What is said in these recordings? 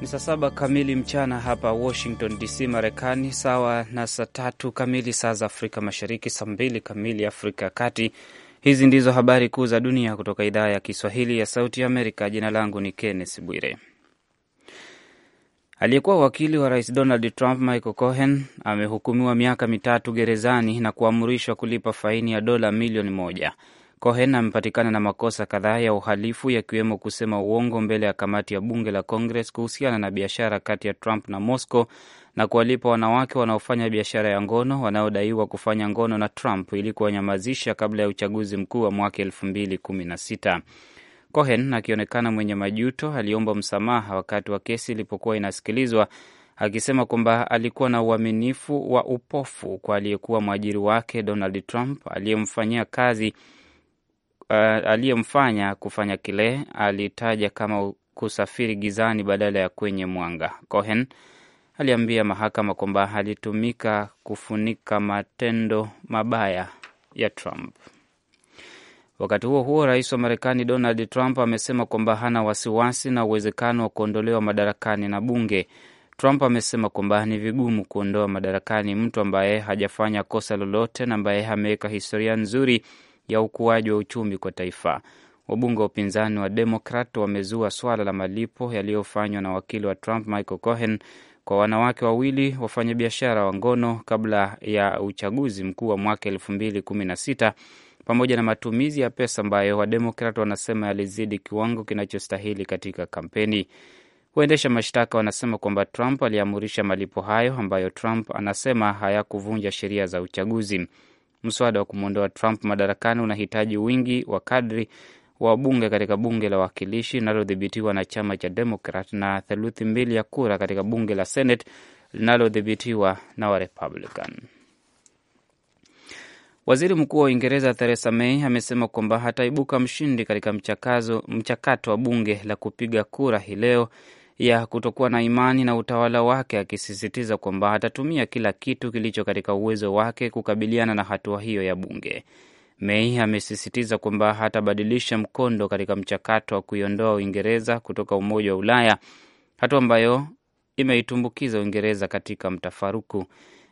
Ni saa saba kamili mchana hapa Washington DC, Marekani, sawa na saa tatu kamili saa za Afrika Mashariki, saa mbili kamili Afrika ya Kati. Hizi ndizo habari kuu za dunia kutoka idhaa ya Kiswahili ya Sauti ya Amerika. Jina langu ni Kenneth Bwire. Aliyekuwa wakili wa rais Donald Trump Michael Cohen amehukumiwa miaka mitatu gerezani na kuamrishwa kulipa faini ya dola milioni moja Cohen amepatikana na makosa kadhaa ya uhalifu yakiwemo kusema uongo mbele ya kamati ya bunge la Congress kuhusiana na biashara kati ya Trump na Moscow na kuwalipa wanawake wanaofanya biashara ya ngono wanaodaiwa kufanya ngono na Trump ili kuwanyamazisha kabla ya uchaguzi mkuu wa mwaka elfu mbili kumi na sita. Cohen akionekana mwenye majuto, aliomba msamaha wakati wa kesi ilipokuwa inasikilizwa akisema kwamba alikuwa na uaminifu wa upofu kwa aliyekuwa mwajiri wake Donald Trump aliyemfanyia kazi uh, aliyemfanya kufanya kile alitaja kama kusafiri gizani badala ya kwenye mwanga. Cohen aliambia mahakama kwamba alitumika kufunika matendo mabaya ya Trump. Wakati huo huo, rais wa Marekani Donald Trump amesema kwamba hana wasiwasi na uwezekano wa kuondolewa madarakani na bunge. Trump amesema kwamba ni vigumu kuondoa madarakani mtu ambaye hajafanya kosa lolote na ambaye ameweka historia nzuri ya ukuaji wa uchumi kwa taifa. Wabunge wa upinzani wa Demokrat wamezua swala la malipo yaliyofanywa na wakili wa Trump Michael Cohen kwa wanawake wawili wafanyabiashara wa ngono kabla ya uchaguzi mkuu wa mwaka elfu mbili kumi na sita pamoja na matumizi ya pesa ambayo Wademokrat wanasema yalizidi kiwango kinachostahili katika kampeni. Waendesha mashtaka wanasema kwamba Trump aliamurisha malipo hayo ambayo Trump anasema hayakuvunja sheria za uchaguzi. Mswada wa kumwondoa Trump madarakani unahitaji wingi wa kadri wa wabunge katika bunge la wawakilishi linalodhibitiwa na chama cha Demokrat na theluthi mbili ya kura katika bunge la Senate linalodhibitiwa na Warepublican. Waziri Mkuu wa Uingereza Theresa May amesema kwamba hataibuka mshindi katika mchakazo, mchakato wa bunge la kupiga kura hii leo ya kutokuwa na imani na utawala wake, akisisitiza kwamba atatumia kila kitu kilicho katika uwezo wake kukabiliana na hatua hiyo ya bunge. Mei amesisitiza kwamba hatabadilisha mkondo katika mchakato wa kuiondoa Uingereza kutoka Umoja wa Ulaya, hatua ambayo imeitumbukiza Uingereza katika mtafaruku.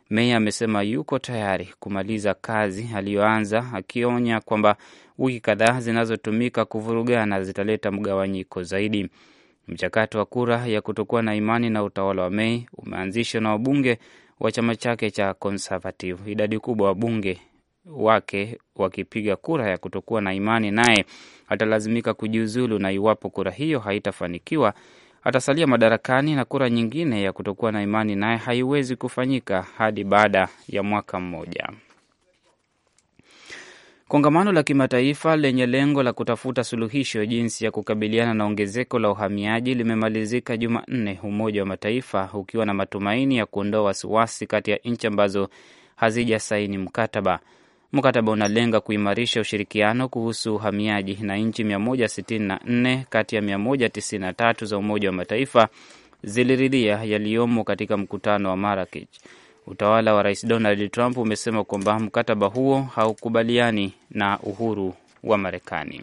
Mei amesema yuko tayari kumaliza kazi aliyoanza, akionya kwamba wiki kadhaa zinazotumika kuvurugana zitaleta mgawanyiko zaidi. Mchakato wa kura ya kutokuwa na imani na utawala wa Mei umeanzishwa na wabunge wa chama chake cha Conservative, idadi kubwa wabunge wake wakipiga kura ya kutokuwa na imani naye atalazimika kujiuzulu, na iwapo kura hiyo haitafanikiwa atasalia madarakani, na kura nyingine ya kutokuwa na imani naye haiwezi kufanyika hadi baada ya mwaka mmoja. Kongamano la kimataifa lenye lengo la kutafuta suluhisho jinsi ya kukabiliana na ongezeko la uhamiaji limemalizika Jumanne, Umoja wa Mataifa ukiwa na matumaini ya kuondoa wasiwasi kati ya nchi ambazo hazijasaini mkataba. Mkataba unalenga kuimarisha ushirikiano kuhusu uhamiaji na nchi 164 kati ya 193 za Umoja wa Mataifa ziliridhia yaliyomo katika mkutano wa Marakech. Utawala wa Rais Donald Trump umesema kwamba mkataba huo haukubaliani na uhuru wa Marekani.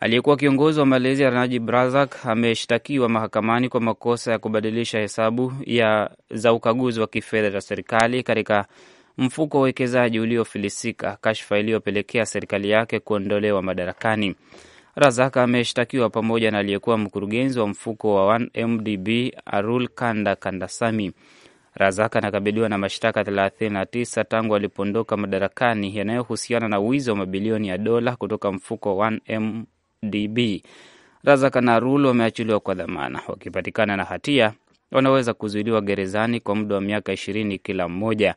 Aliyekuwa kiongozi wa Malaysia Najib Razak ameshtakiwa mahakamani kwa makosa ya kubadilisha hesabu ya za ukaguzi wa kifedha za serikali katika mfuko wa uwekezaji uliofilisika, kashfa iliyopelekea serikali yake kuondolewa madarakani. Razak ameshtakiwa pamoja na aliyekuwa mkurugenzi wa mfuko wa 1MDB Arul Kanda kandasami Razak anakabiliwa na mashtaka 39 tangu alipoondoka madarakani yanayohusiana na wizi wa mabilioni ya dola kutoka mfuko wa 1MDB. Razak na Arul wameachiliwa kwa dhamana. Wakipatikana na hatia, wanaweza kuzuiliwa gerezani kwa muda wa miaka ishirini kila mmoja.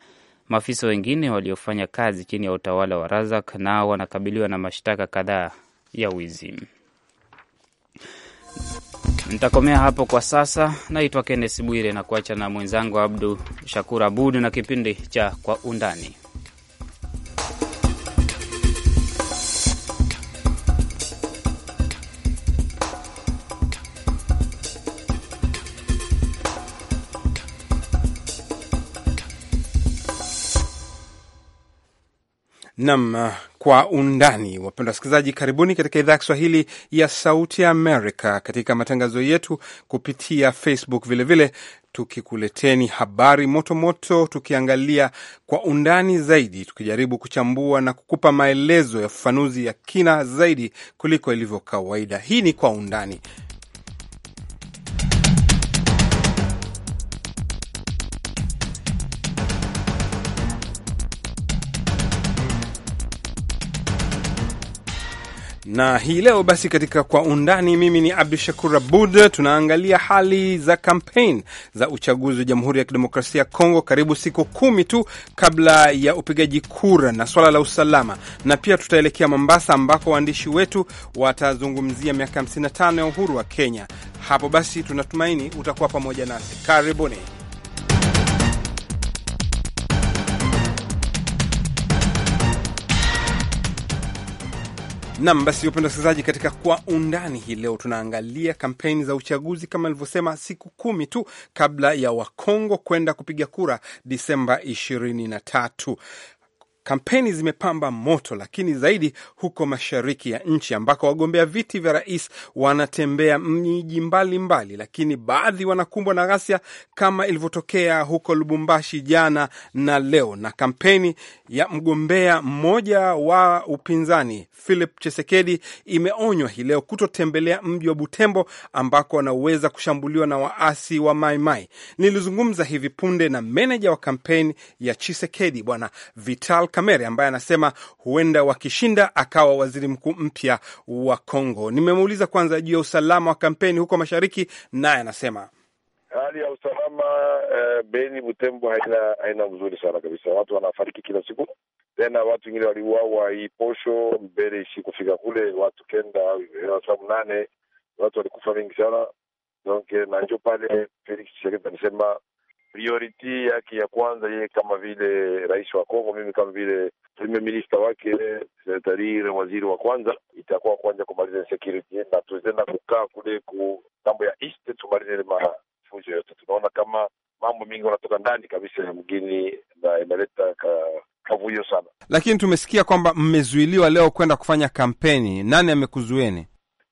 Maafisa wengine waliofanya kazi chini ya utawala wa Razak nao wanakabiliwa na mashtaka kadhaa ya wizi. Nitakomea hapo kwa sasa. Naitwa Kennes Bwire na kuacha na mwenzangu Abdu Shakur Abud na kipindi cha Kwa Undani. Nam, kwa undani. Wapendwa wasikilizaji, karibuni katika idhaa ya Kiswahili ya Sauti Amerika, katika matangazo yetu kupitia Facebook vilevile vile, tukikuleteni habari motomoto moto, tukiangalia kwa undani zaidi, tukijaribu kuchambua na kukupa maelezo ya ufafanuzi ya kina zaidi kuliko ilivyo kawaida. Hii ni kwa undani. na hii leo basi katika kwa undani, mimi ni Abdu Shakur Abud. Tunaangalia hali za kampeni za uchaguzi wa Jamhuri ya Kidemokrasia ya Kongo, karibu siku kumi tu kabla ya upigaji kura na swala la usalama, na pia tutaelekea Mombasa ambako waandishi wetu watazungumzia miaka 55 ya uhuru wa Kenya. Hapo basi tunatumaini utakuwa pamoja nasi, karibuni. Nam basi, upenda wasikilizaji, katika kwa undani hii leo tunaangalia kampeni za uchaguzi kama nilivyosema, siku kumi tu kabla ya Wakongo kwenda kupiga kura Disemba ishirini na tatu. Kampeni zimepamba moto, lakini zaidi huko mashariki ya nchi ambako wagombea viti vya rais wanatembea miji mbalimbali, lakini baadhi wanakumbwa na ghasia kama ilivyotokea huko Lubumbashi jana na leo. Na kampeni ya mgombea mmoja wa upinzani Philip Chisekedi imeonywa hii leo kutotembelea mji wa Butembo ambako wanaweza kushambuliwa na waasi wa Maimai mai. Nilizungumza hivi punde na meneja wa kampeni ya Chisekedi Bwana Vital Kamere ambaye anasema huenda wakishinda akawa waziri mkuu mpya wa Kongo. Nimemuuliza kwanza juu ya usalama wa kampeni huko mashariki, naye anasema hali ya usalama uh, Beni Butembo haina haina mzuri sana kabisa. Watu wanafariki kila siku, tena watu wengine waliuawa hii posho mbele ishi kufika kule, watu kenda eh, sababu nane, watu walikufa mingi sana donc na njo pale Felix Tshisekedi anasema priority yake ya kwanza yeye kama vile rais wa Kongo, mimi kama vile premier minister wake Tarire, waziri wa kwanza itakuwa kwanza kumaliza security, na tuzenda kukaa kule ku mambo ya east tumalize ile mafujo yote. Tunaona kama mambo mengi wanatoka ndani kabisa ya mgini na inaleta ka kavuyo sana, lakini tumesikia kwamba mmezuiliwa leo kwenda kufanya kampeni. Nani amekuzueni?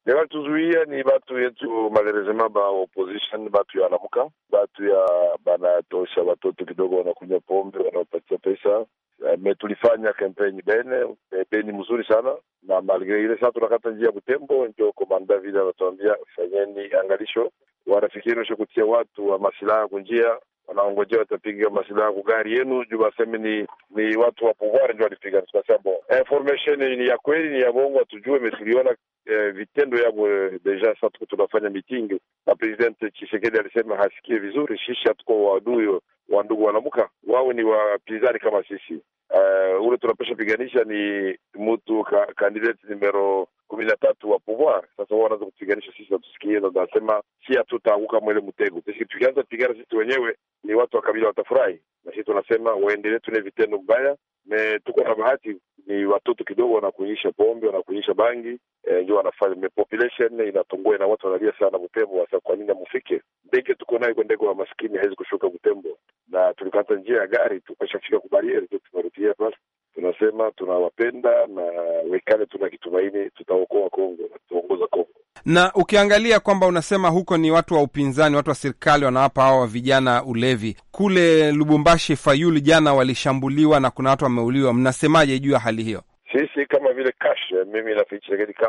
yabatuzuia ni batu yetu malerezema ba opposition, batu ya wanamuka, batu ya banatosha watoto kidogo, wanakunywa pombe, wanaopatia pesa. Eh, me tulifanya kampeni bene eh, beni mzuri sana na malgre ile, sasa tunakata njia ya Butembo, ndio komanda vile anatuambia fanyeni angalisho, wanafikirisha kutia watu wa masilaha kunjia wanaongojea watapiga masilaha gari yenu juu waseme ni ni watu wa pouvoir ndio walipiga. Tukasema information eh, ni ya kweli, ni ya bongo, tujue mesiliona eh, vitendo yavo eh, deja. Sa tuko tunafanya mitingi na president Chisekedi alisema hasikie vizuri, shishi hatuko wadui wa ndugu wanamuka wawe ni wapinzani kama sisi. Uh, ule tunapesha piganisha ni mtu ka, kandidati numero kumi na tatu wa pouvoir. Sasa wao wanaanza kutupiganisha sisi, natusikie na tunasema si hatutaanguka mwele mtego. Sisi tukianza pigana sisi wenyewe ni watu wa kabila watafurahi, na sisi tunasema waendelee tune vitendo mbaya. Me tuko na bahati ni watoto kidogo wanakunyisha pombe wanakunyisha bangi eh, ndio wanafanya population inatongoa na watu wanalia sana Butembo. Sasa kwa nini mufike ndege tuko naye kwa ndege wa maskini hawezi kushuka Butembo na tulikata njia ya gari, tukashafika kubarieri tu, tumerudia basi. Tunasema tunawapenda na wekale, tuna kitumaini tutaokoa Kongo na tutaongoza Kongo. Na ukiangalia kwamba unasema huko ni watu wa upinzani, watu wa serikali wanawapa hawa vijana ulevi. Kule Lubumbashi Fayulu jana walishambuliwa na kuna watu wameuliwa, mnasemaje juu ya hali hiyo? Sisi kama vile kash eh, mimi nafichireketi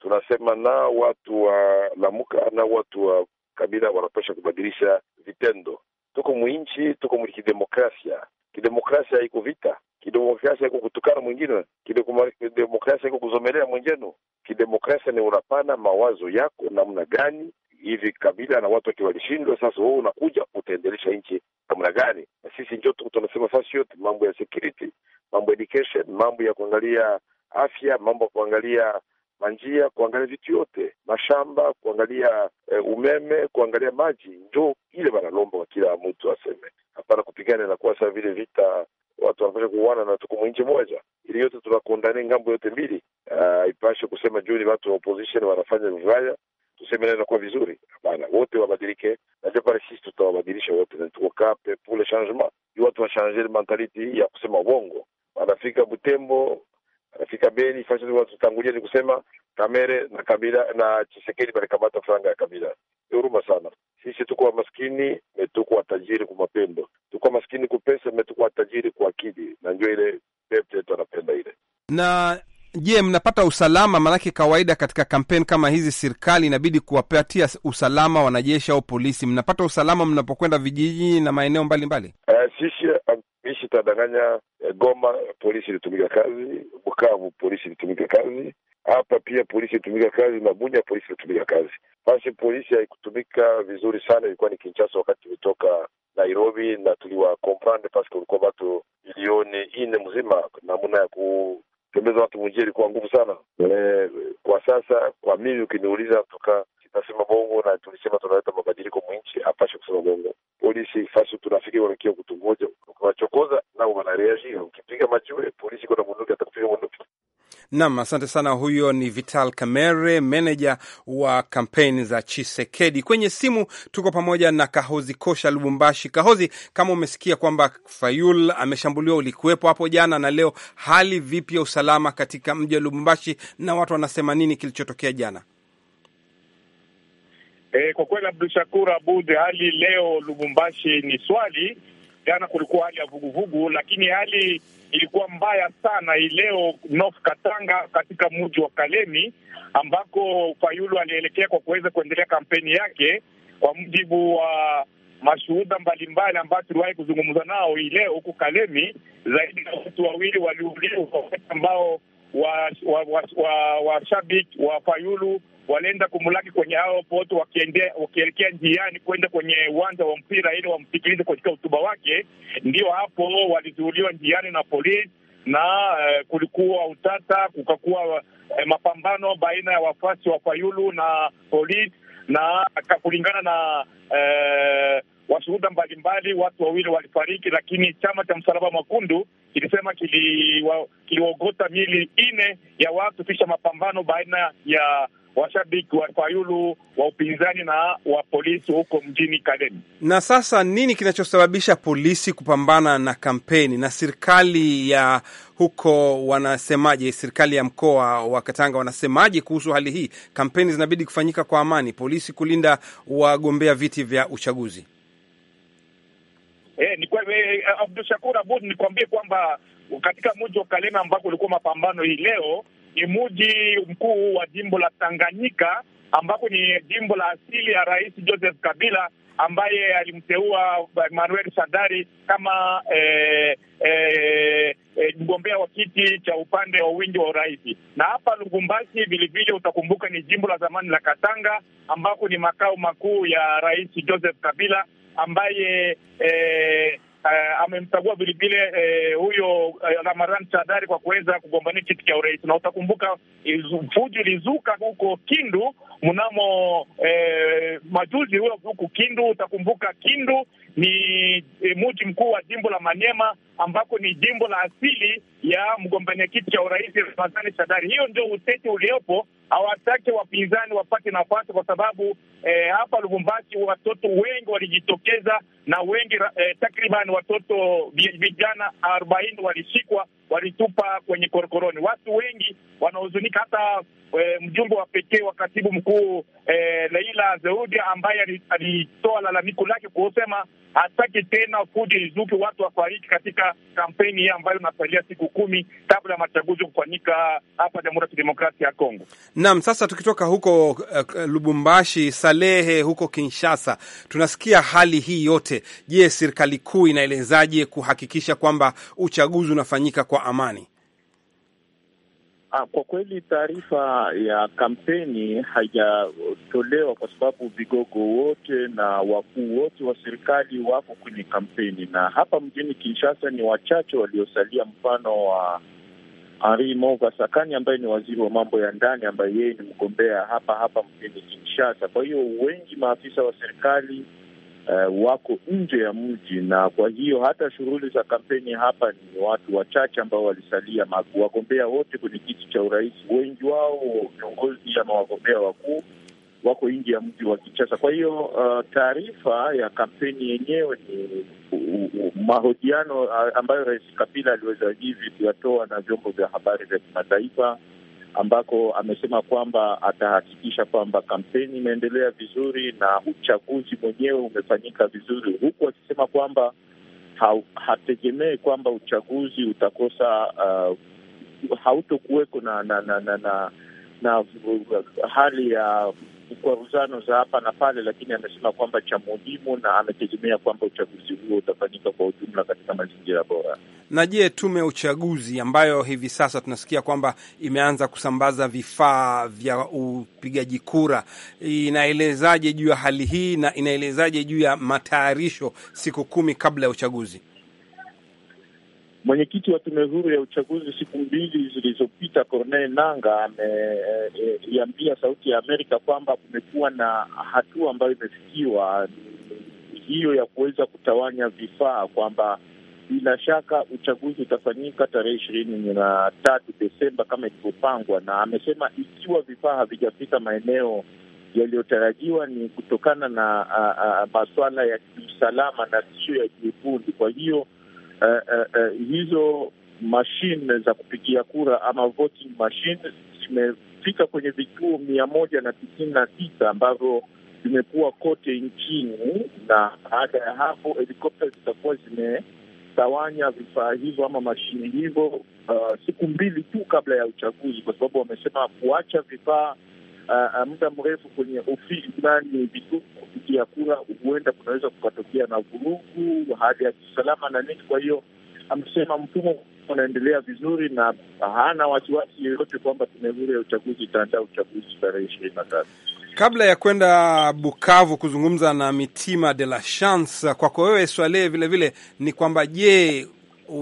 tunasema na watu wa Lamuka na watu wa Kabila wanapasha kubadilisha vitendo tuko mwinchi, tuko mwi kidemokrasia. Kidemokrasia haiko vita, kidemokrasia haiko kutukana mwingine, kidemokrasia haiko kuzomelea mwingenu. Kidemokrasia ni unapana mawazo yako namna gani hivi kabila na watu wakiwalishindwa, sasa wewe unakuja utaendelesha nchi namna gani? Na sisi njo tunasema fasi yote, mambo ya security, mambo ya education, mambo ya kuangalia afya, mambo ya kuangalia manjia, kuangalia vitu yote, mashamba, kuangalia e, umeme, kuangalia maji, njo ile wanalomba wa kila mtu aseme hapana, kupigana inakuwa saa vile vita watu wanapasha kuuana na tuko mwinchi moja, ili yote tunakondane ngambo yote mbili. Uh, ipashe kusema juu ni watu wa opposition wanafanya vibaya, tuseme nayo inakuwa vizuri. Hapana, wote wabadilike, naja pale sisi tutawabadilisha wote, na tukokape pule changement, juu watu washangele mentality ya kusema uongo. Wanafika Butembo fika Beni fashion ni kusema Kamere na Kabila na Chisekedi balikamata franga ya Kabila. Huruma sana. Sisi tuko wa maskini, metuko tajiri kwa mapendo. Tuko maskini kwa pesa, metuko tajiri kwa akili, na ndio ile pepe yetu anapenda ile. Na je, mnapata usalama? Maanake kawaida katika kampeni kama hizi, serikali inabidi kuwapatia usalama wanajeshi au polisi. Mnapata usalama mnapokwenda vijijini na maeneo mbalimbali mbali? Eh, sisi uh, ishi tadanganya eh, Goma eh, polisi ilitumika kazi, Bukavu polisi ilitumika kazi, hapa pia polisi ilitumika kazi na Bunya polisi ilitumika kazi. Basi polisi haikutumika vizuri sana, ilikuwa ni Kinshasa wakati tulitoka Nairobi, na tuliwa comprendre paske ulikuwa batu milioni ine mzima namuna ya kutembeza watu mwinjia ilikuwa nguvu sana. E, kwa sasa kwa mimi ukiniuliza toka tunasema bongo na tulisema tunaleta mabadiliko mwinchi, apashe kusema bongo polisi fasi tunafika wanakia kutungoja, ukiwachokoza nao wanareagia, ukipiga majue polisi kuna bunduki atakupiga bunduki. Nam, asante sana. Huyo ni Vital Kamere, meneja wa kampeni za Chisekedi. Kwenye simu tuko pamoja na Kahozi Kosha Lubumbashi. Kahozi, kama umesikia kwamba Fayul ameshambuliwa, ulikuwepo hapo jana na leo, hali vipi ya usalama katika mji wa Lubumbashi na watu wanasema nini kilichotokea jana? E, kwa kweli Abdu Shakur Abud, hali leo Lubumbashi ni swali. Jana kulikuwa hali ya vuguvugu, lakini hali ilikuwa mbaya sana hii leo North Katanga, katika mji wa Kalemi ambako Fayulu alielekea kwa kuweza kuendelea kampeni yake, kwa mujibu wa mashuhuda mbalimbali ambayo tuliwahi kuzungumza nao hii leo huku Kalemi. Zaidi ya watu wawili waliuliwa, ambao washabiki wa, wa, wa, wa, wa Fayulu walienda kumulaki kwenye airport wakielekea njiani kwenda kwenye uwanja wa mpira ili wamsikilize katika hotuba wake. Ndio hapo walizuuliwa njiani na polisi na eh, kulikuwa utata, kukakuwa eh, mapambano baina ya wafuasi wa Fayulu na polisi, na kulingana na eh, washuhuda mbalimbali watu wawili walifariki, lakini chama cha Msalaba Mwekundu kilisema kiliwaogota kili miili ine ya watu kisha mapambano baina ya washabiki wa Fayulu wa upinzani na wa polisi huko mjini Kalemi. Na sasa nini kinachosababisha polisi kupambana na kampeni na serikali ya huko wanasemaje? Serikali ya mkoa wa Katanga wanasemaje kuhusu hali hii? Kampeni zinabidi kufanyika kwa amani, polisi kulinda wagombea viti vya uchaguzi. Eh, ni kwa eh, Abdushakur Abud nikwambie kwamba katika mji wa Kalemi ambako ulikuwa mapambano hii leo ni mji mkuu wa jimbo la Tanganyika, ambapo ni jimbo la asili ya Rais Joseph Kabila ambaye alimteua Emmanuel Shadari kama eh, eh, eh, mgombea wa kiti cha upande wa wingi wa urais. Na hapa Lubumbashi vilevile utakumbuka ni jimbo la zamani la Katanga ambako ni makao makuu ya Rais Joseph Kabila ambaye eh, uh, eh, amemchagua vilevile uh, huyo uh, Ramadan Shadari kwa kuweza kugombania kiti cha urais, na utakumbuka fujo ilizuka huko Kindu mnamo uh, majuzi huyo huku Kindu, utakumbuka Kindu ni e, muji mkuu wa jimbo la manema ambako ni jimbo la asili ya mgombania kiti cha urais Ramadhani Shadari. Hiyo ndio utete uliopo, hawatake wapinzani wapate nafasi kwa sababu e, hapa Lubumbashi watoto wengi walijitokeza na wengi e, takriban watoto vijana arobaini walishikwa walitupa kwenye korokoroni. Watu wengi wanahuzunika, hata e, mjumbe wa pekee wa katibu mkuu e, Leila Zeudi ambaye alitoa lalamiko lake kusema hataki tena fujo izuke, watu wafariki katika kampeni hii ambayo inasalia siku kumi kabla ya machaguzi kufanyika hapa Jamhuri ya Kidemokrasia ya Kongo. Naam, sasa tukitoka huko uh, Lubumbashi, Salehe huko Kinshasa, tunasikia hali hii yote. Je, serikali kuu inaelezaje kuhakikisha kwamba uchaguzi unafanyika kwa amani? Ah, kwa kweli taarifa ya kampeni haijatolewa kwa sababu vigogo wote na wakuu wote wa serikali wako kwenye kampeni, na hapa mjini Kinshasa ni wachache waliosalia, mfano wa Henri Mova Sakani ambaye ni waziri wa mambo ya ndani, ambaye yeye ni mgombea hapa hapa mjini Kinshasa. Kwa hiyo wengi maafisa wa serikali uh, wako nje ya mji, na kwa hiyo hata shughuli za kampeni hapa ni watu wachache ambao walisalia. Wagombea wote kwenye kiti cha urais, wengi wao viongozi ama wagombea wakuu wako nje ya mji wa Kinshasa. Kwa hiyo uh, taarifa ya kampeni yenyewe ni mahojiano ambayo Rais Kabila aliweza hivi kuyatoa na vyombo vya habari vya kimataifa ambako amesema kwamba atahakikisha kwamba kampeni imeendelea vizuri na uchaguzi mwenyewe umefanyika vizuri, huku akisema kwamba ha hategemei kwamba uchaguzi utakosa uh, hautokuweko na na na, na, na, na hali ya kwaruzano za hapa na pale, lakini amesema kwamba cha muhimu na ametegemea kwamba uchaguzi huo utafanyika kwa ujumla katika mazingira bora. Na je, tume ya uchaguzi ambayo hivi sasa tunasikia kwamba imeanza kusambaza vifaa vya upigaji kura inaelezaje juu ya hali hii na inaelezaje juu ya matayarisho siku kumi kabla ya uchaguzi? Mwenyekiti wa tume huru ya uchaguzi siku mbili zilizopita, Corneille Nanga ameiambia eh, eh, e, Sauti ya Amerika kwamba kumekuwa na hatua ambayo imefikiwa hiyo ya kuweza kutawanya vifaa, kwamba bila shaka uchaguzi utafanyika tarehe ishirini na tatu Desemba kama ilivyopangwa, na amesema ikiwa vifaa havijafika maeneo yaliyotarajiwa ni kutokana na ah, ah, maswala ya kiusalama na sio ya kiufundi. Kwa hiyo Eh, eh, eh, hizo mashine za kupigia kura ama voting machine zimefika kwenye vituo mia moja na tisini na tisa ambavyo zimekuwa kote nchini, na baada ya hapo helikopta zitakuwa zimetawanya vifaa hivyo ama mashine hivyo uh, siku mbili tu kabla ya uchaguzi, kwa sababu wamesema kuacha vifaa muda mrefu kwenye ofisi nani vituo kupigia kura, huenda kunaweza kukatokea na vurugu, hali ya kiusalama na nini. Kwa hiyo amesema mfumo unaendelea vizuri na hana wasiwasi yeyote kwamba tume huru ya uchaguzi itaandaa uchaguzi tarehe ishirini na tatu. Kabla ya kwenda Bukavu kuzungumza na Mitima de la Chance, kwako wewe Swalee, vile vilevile ni kwamba je,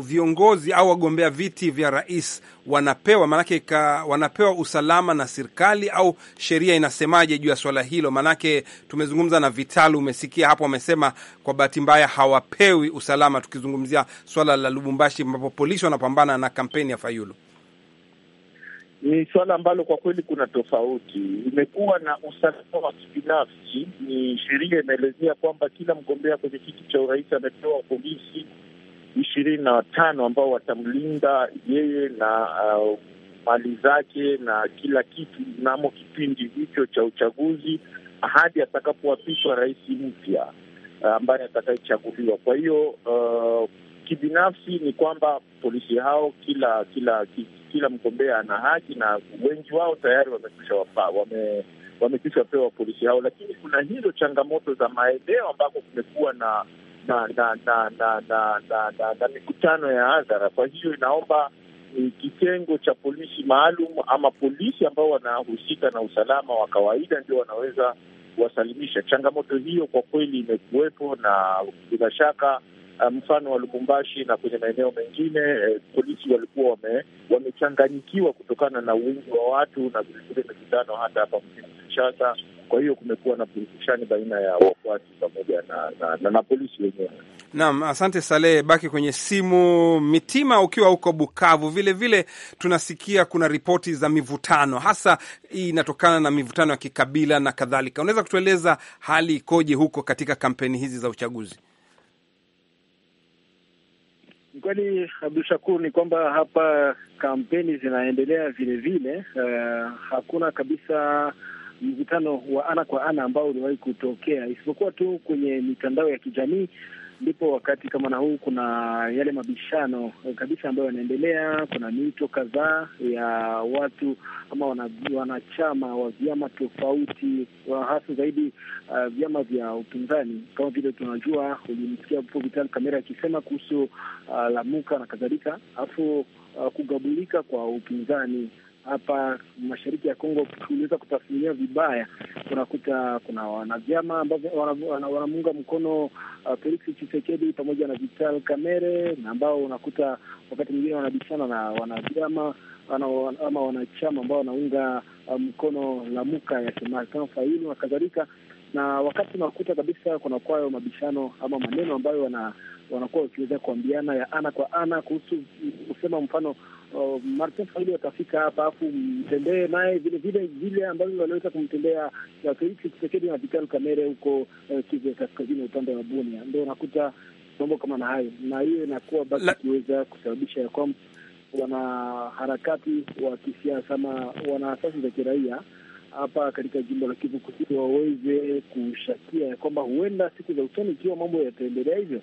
viongozi au wagombea viti vya rais wanapewa maanake ka, wanapewa usalama na serikali au sheria inasemaje juu ya swala hilo? Maanake tumezungumza na Vitalu, umesikia hapo, wamesema kwa bahati mbaya hawapewi usalama, tukizungumzia swala la Lubumbashi ambapo polisi wanapambana na kampeni ya Fayulu. Ni swala ambalo kwa kweli kuna tofauti, imekuwa na usalama wa kibinafsi. Ni sheria inaelezea kwamba kila mgombea kwenye kiti cha urais amepewa polisi ishirini na watano ambao watamlinda yeye na uh, mali zake na kila kitu mnamo kipindi hicho cha uchaguzi hadi atakapoapishwa rais mpya uh, ambaye uh, atakayechaguliwa. Kwa hiyo uh, kibinafsi ni kwamba polisi hao kila kila kila mgombea ana haki na wengi wao tayari wamekwisha wame, wamekwisha pewa polisi hao, lakini kuna hizo changamoto za maeneo ambako kumekuwa na na na na na na, na, na, na mikutano ya hadhara. Kwa hiyo inaomba ni kitengo cha polisi maalum ama polisi ambao wanahusika na usalama wa kawaida ndio wanaweza kuwasalimisha. Changamoto hiyo kwa kweli imekuwepo, na bila shaka eh, mfano wa Lubumbashi na kwenye maeneo mengine eh, polisi walikuwa wame, wamechanganyikiwa kutokana na wingi wa watu na vilevile mikutano hata hapa mjini Kinshasa kwa hiyo kumekuwa na purukushani baina ya wafuasi pamoja na, na, na, na polisi wenyewe. Naam, asante Saleh, baki kwenye simu. Mitima, ukiwa huko Bukavu vile vile tunasikia kuna ripoti za mivutano, hasa hii inatokana na mivutano ya kikabila na kadhalika. Unaweza kutueleza hali ikoje huko katika kampeni hizi za uchaguzi? Kweli Abdu Shakur, ni kwamba hapa kampeni zinaendelea vile vile, uh, hakuna kabisa mvutano wa ana kwa ana ambao uliwahi kutokea, isipokuwa tu kwenye mitandao ya kijamii ndipo wakati kama na huu kuna yale mabishano kabisa ambayo yanaendelea. Kuna mito kadhaa ya watu ama wanachama wa vyama tofauti, hasa zaidi uh, vyama vya upinzani. Kama vile tunajua, ulimsikia po Vital Kamera akisema kuhusu uh, Lamuka na kadhalika, alafu uh, kugabulika kwa upinzani hapa mashariki ya Kongo uliweza kutafsiriwa vibaya. Unakuta kuna wanavyama ambavyo wanamuunga mkono uh, Felix Tshisekedi pamoja na Vital Kamerhe, na ambao unakuta wakati mwingine wanabishana na wanavyama ama wanachama ambao wanaunga uh, mkono Lamuka ya Semascan Fayilu na kadhalika na wakati unakuta kabisa kunakuwa hayo mabishano ama maneno ambayo wana, wanakuwa wakiweza kuambiana ya ana kwa ana kuhusu kusema mfano Martin Fayulu atafika hapa afu mtembee naye vilevile vile ambavyo waliweza kumtembea Felix Tshisekedi na Vital Kamerhe huko uh, Kivu Kaskazini, upande wa Bunia. Ndo unakuta mambo kama na hayo, na hiyo inakuwa basi ikiweza kusababisha ya kwamba wanaharakati wa kisiasa ama asasi za kiraia hapa katika jimbo la Kivu Kusini waweze kushakia ya kwamba huenda siku za usoni, ikiwa mambo yataendelea hivyo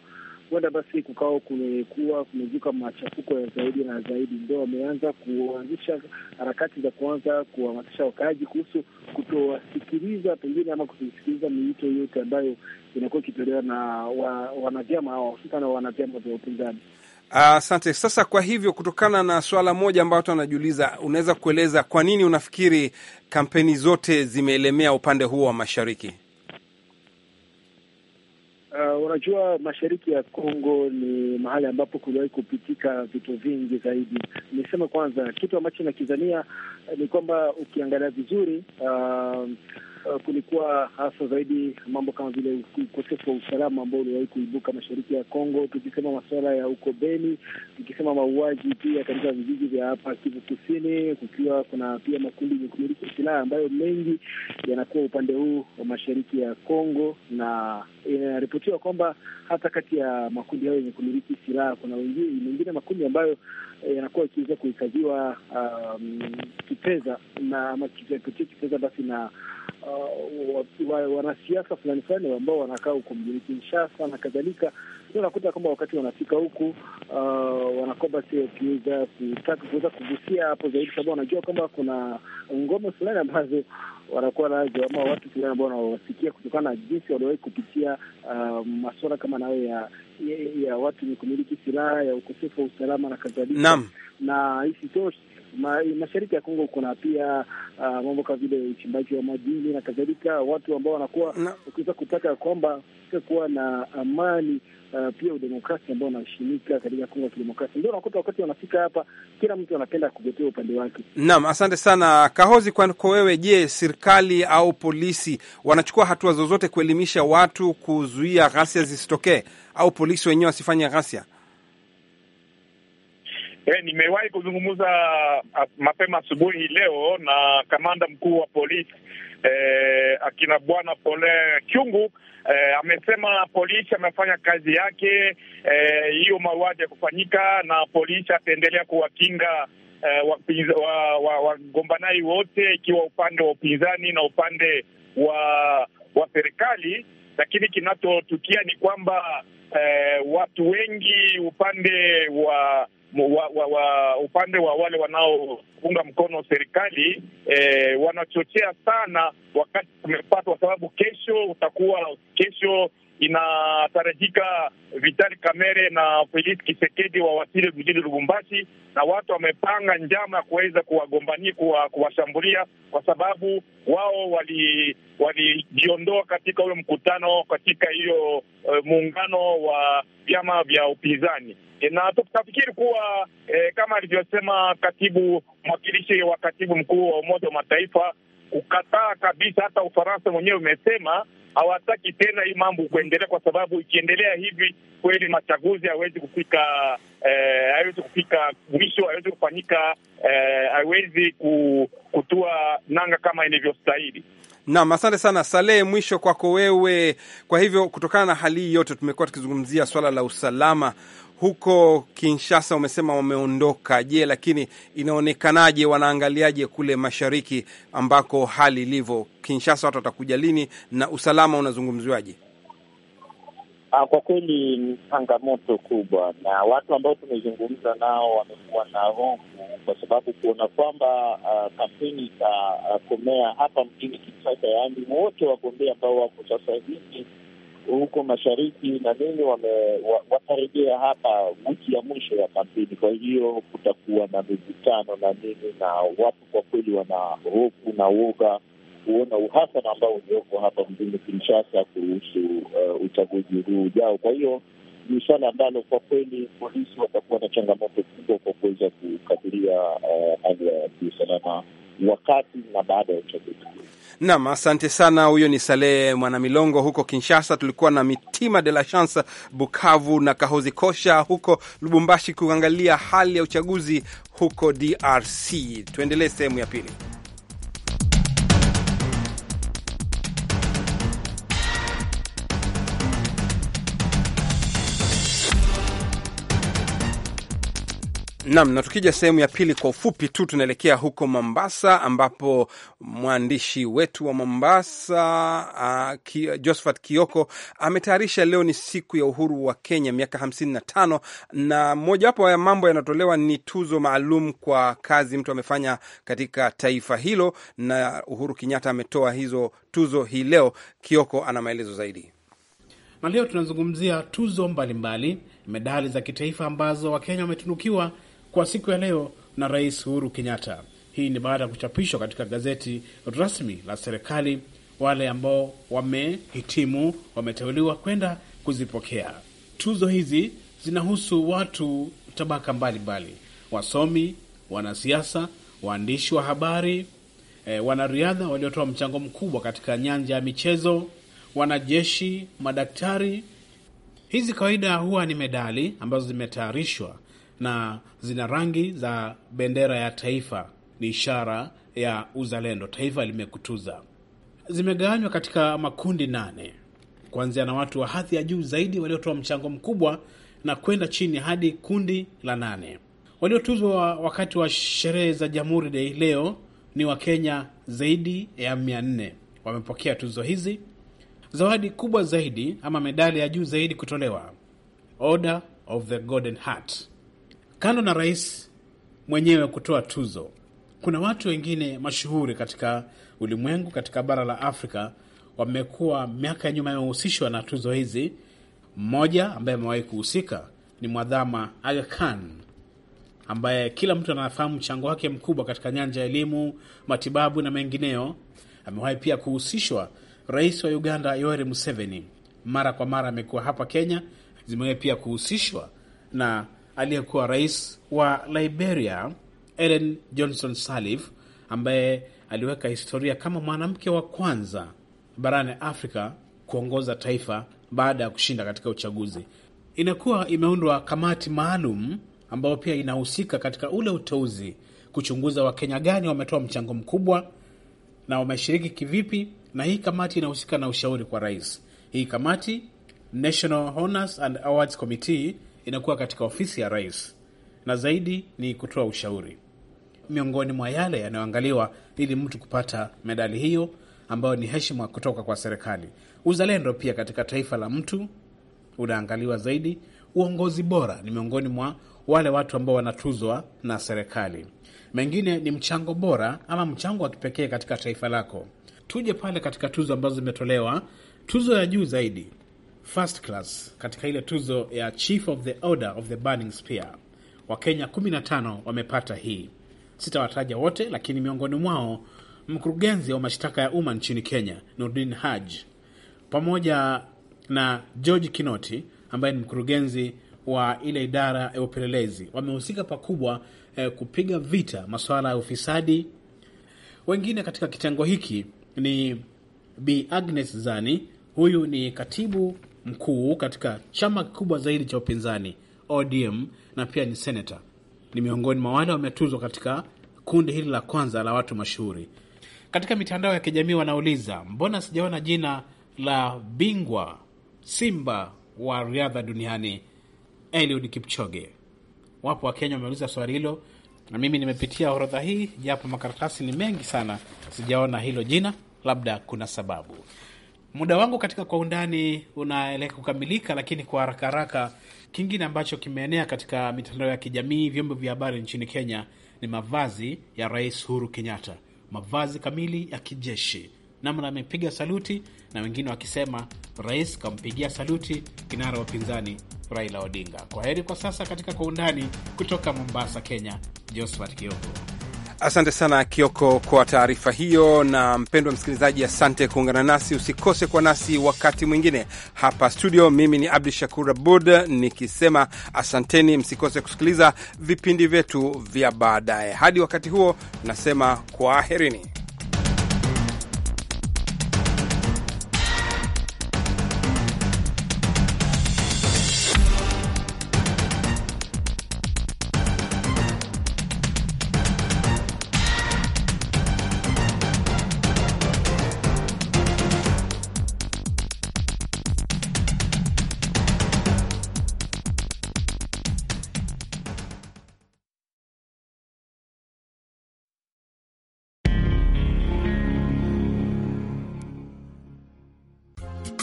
huenda basi kukawa kumekuwa kumezuka machafuko ya zaidi na zaidi, ndio wameanza kuanzisha harakati za kuanza kuhamasisha wakaaji kuhusu kutowasikiliza pengine ama kutosikiliza miito yote ambayo inakuwa ikitolewa na wa, wanavyama hawa hususan wanavyama vya upinzani. Asante. Uh, sasa kwa hivyo, kutokana na swala moja ambayo watu wanajiuliza, unaweza kueleza kwa nini unafikiri kampeni zote zimeelemea upande huo wa mashariki? Uh, unajua mashariki ya Kongo ni mahali ambapo kuliwahi kupitika vitu vingi zaidi. Nisema kwanza kitu ambacho nakizania ni kwamba ukiangalia vizuri uh, uh, kulikuwa hasa zaidi mambo kama vile ukosefu wa usalama ambao uliwahi kuibuka mashariki ya Kongo, tukisema masuala ya uko Beni, tukisema mauaji pia katika vijiji vya hapa Kivu Kusini, kukiwa kuna pia makundi yenye kumiliki silaha ambayo mengi yanakuwa upande huu wa mashariki ya Kongo, na inaripotiwa kwamba hata kati ya makundi hayo yenye kumiliki silaha kuna mengine makundi ambayo eh, yanakuwa ikiweza kuhifadhiwa um, kifedha na ama kifedha basi na uh, wanasiasa fulani fulani ambao wanakaa huko mjini Kinshasa na kadhalika, unakuta kwamba wakati wanafika huku uh, wanakwamba kuweza kutaka kuweza kugusia hapo zaidi, sababu wanajua kwamba kuna ngome fulani ambazo wanakuwa nazo ama watu fulani ambao wanawasikia kutokana na jinsi waliwahi kupitia uh, masuala kama nayo ya, ya, ya watu wenye kumiliki silaha ya ukosefu wa usalama na kadhalika, na isitoshe ma, mashariki ya Kongo kuna pia uh, mambo kama vile uchimbaji wa madini na kadhalika, watu ambao wanakuwa wakiweza kutaka kwamba kuwa na amani uh, pia udemokrasia ambao unashimika katika Kongo ya kidemokrasia, ndio unakuta wakati wanafika hapa, kila mtu anapenda kugotea upande wake. Naam, asante sana Kahozi. Kwako wewe, je, serikali au polisi wanachukua hatua zozote kuelimisha watu kuzuia ghasia zisitokee, au polisi wenyewe wasifanye ghasia? Hey, eh, nimewahi kuzungumza ah, mapema asubuhi hii leo na kamanda mkuu wa polisi eh, akina bwana Pole Kyungu eh, amesema polisi amefanya kazi yake eh, hiyo, mauaji ya kufanyika na polisi ataendelea kuwakinga eh, wagombanai wa, wa, wa wote ikiwa upande wa upinzani na upande wa wa serikali, lakini kinachotukia ni kwamba eh, watu wengi upande wa wa, wa, wa upande wa wale wanaounga mkono serikali eh, wanachochea sana wakati umepatwa, kwa sababu kesho utakuwa kesho inatarajika Vitali Kamere na Felix Kisekedi wawasili mjini Lubumbashi, na watu wamepanga njama ya kuweza kuwagombania, kuwashambulia kwa sababu wao walijiondoa wali katika ule mkutano, katika hiyo e, muungano wa vyama vya upinzani e, na tutafikiri kuwa e, kama alivyosema katibu mwakilishi wa katibu mkuu wa Umoja wa Mataifa kukataa kabisa, hata Ufaransa mwenyewe umesema hawataki tena hii mambo kuendelea, kwa sababu ikiendelea hivi kweli machaguzi hawezi kufika, eh, hawezi kufika mwisho, hawezi kufanyika, eh, hawezi kutua nanga kama ilivyostahili. Naam, asante sana Salehe, mwisho kwako wewe. Kwa hivyo kutokana na hali hii yote, tumekuwa tukizungumzia swala la usalama huko Kinshasa. Umesema wameondoka. Je, lakini inaonekanaje, wanaangaliaje kule mashariki ambako hali ilivyo? Kinshasa watu watakuja lini na usalama unazungumziwaje? Ah, kwa kweli ni changamoto kubwa, na watu ambao tumezungumza nao wamekuwa na hofu, kwa sababu kuona kwamba uh, kampeni itakomea ah, uh, hapa mjini Kinshasa, yaani wote wagombea ambao wako sasa hivi huko mashariki na nini watarejea wa, hapa wiki ya mwisho ya kampeni. Kwa hiyo kutakuwa na mivutano na nini, na watu kwa kweli wana hofu na woga kuona uhasama ambao ulioko hapa mjini Kinshasa kuhusu uh, uchaguzi huu ujao. Kwa hiyo ni swala ambalo kwa kweli polisi watakuwa na changamoto kubwa kwa kuweza kukadiria uh, hali ya kiusalama wakati na baada ya uchaguzi. Naam, asante sana. Huyo ni Saleh Mwanamilongo huko Kinshasa. Tulikuwa na Mitima de la Chance Bukavu na Kahozi Kosha huko Lubumbashi kuangalia hali ya uchaguzi huko DRC. Tuendelee sehemu ya pili. Nam, na tukija sehemu ya pili kwa ufupi tu, tunaelekea huko Mombasa ambapo mwandishi wetu wa Mombasa uh, ki, Josephat Kioko ametayarisha. Leo ni siku ya uhuru wa Kenya miaka hamsini na tano, na mojawapo ya mambo yanatolewa ni tuzo maalum kwa kazi mtu amefanya katika taifa hilo, na Uhuru Kenyatta ametoa hizo tuzo hii leo. Kioko ana maelezo zaidi. Na leo tunazungumzia tuzo mbalimbali mbali, medali za kitaifa ambazo Wakenya wametunukiwa kwa siku ya leo na Rais Uhuru Kenyatta. Hii ni baada ya kuchapishwa katika gazeti rasmi la serikali, wale ambao wamehitimu wameteuliwa kwenda kuzipokea tuzo hizi. Zinahusu watu tabaka mbalimbali mbali. Wasomi, wanasiasa, waandishi wa habari e, wanariadha waliotoa mchango mkubwa katika nyanja ya michezo, wanajeshi, madaktari. Hizi kawaida huwa ni medali ambazo zimetayarishwa na zina rangi za bendera ya taifa, ni ishara ya uzalendo, taifa limekutuza. Zimegawanywa katika makundi nane, kuanzia na watu wa hadhi ya juu zaidi waliotoa mchango mkubwa na kwenda chini hadi kundi la nane. Waliotuzwa wakati wa sherehe za Jamhuri Day leo ni Wakenya zaidi ya mia nne wamepokea tuzo hizi. Zawadi kubwa zaidi ama medali ya juu zaidi kutolewa Order of the Golden Heart Kando na rais mwenyewe kutoa tuzo, kuna watu wengine mashuhuri katika ulimwengu, katika bara la Afrika wamekuwa miaka ya nyuma yamehusishwa na tuzo hizi. Mmoja ambaye amewahi kuhusika ni mwadhama Aga Khan ambaye kila mtu anafahamu mchango wake mkubwa katika nyanja ya elimu, matibabu na mengineo Amewahi pia kuhusishwa rais wa Uganda Yoweri Museveni, mara kwa mara amekuwa hapa Kenya, zimewahi pia kuhusishwa na aliyekuwa rais wa Liberia Ellen Johnson Sirleaf ambaye aliweka historia kama mwanamke wa kwanza barani Afrika kuongoza taifa baada ya kushinda katika uchaguzi. Inakuwa imeundwa kamati maalum ambayo pia inahusika katika ule uteuzi kuchunguza Wakenya gani wametoa mchango mkubwa na wameshiriki kivipi, na hii kamati inahusika na ushauri kwa rais. Hii kamati National Honors and Awards Committee inakuwa katika ofisi ya rais, na zaidi ni kutoa ushauri. Miongoni mwa yale yanayoangaliwa ili mtu kupata medali hiyo ambayo ni heshima kutoka kwa serikali, uzalendo pia katika taifa la mtu unaangaliwa zaidi. Uongozi bora ni miongoni mwa wale watu ambao wanatuzwa na serikali. Mengine ni mchango bora ama mchango wa kipekee katika taifa lako. Tuje pale katika tuzo ambazo zimetolewa, tuzo ya juu zaidi first class katika ile tuzo ya Chief of the Order of the Burning Spear. Wakenya 15 wamepata hii. Sitawataja wote, lakini miongoni mwao mkurugenzi wa mashtaka ya umma nchini Kenya Nurdin Haj pamoja na George Kinoti ambaye ni mkurugenzi wa ile idara ya upelelezi wamehusika pakubwa eh, kupiga vita masuala ya ufisadi. Wengine katika kitengo hiki ni Bi Agnes Zani, huyu ni katibu mkuu katika chama kikubwa zaidi cha upinzani ODM na pia ni senata. Ni miongoni mwa wale wametuzwa katika kundi hili la kwanza la watu mashuhuri. Katika mitandao ya kijamii wanauliza, mbona sijaona jina la bingwa simba wa riadha duniani Eliud Kipchoge? Wapo Wakenya wameuliza swali hilo, na mimi nimepitia orodha hii, japo makaratasi ni mengi sana, sijaona hilo jina, labda kuna sababu. Muda wangu katika kwa undani unaelekea kukamilika, lakini kwa haraka haraka, kingine ambacho kimeenea katika mitandao ya kijamii, vyombo vya habari nchini Kenya ni mavazi ya Rais Uhuru Kenyatta, mavazi kamili ya kijeshi, namna amepiga saluti na wengine wakisema rais kampigia saluti kinara wa upinzani Raila Odinga. Kwa heri kwa sasa katika kwa undani, kutoka Mombasa, Kenya, Josephat Kioko. Asante sana Kioko kwa taarifa hiyo. Na mpendwa msikilizaji, asante kuungana nasi. Usikose kwa nasi wakati mwingine hapa studio. Mimi ni Abdu Shakur Abud nikisema asanteni, msikose kusikiliza vipindi vyetu vya baadaye. Hadi wakati huo, nasema kwaherini.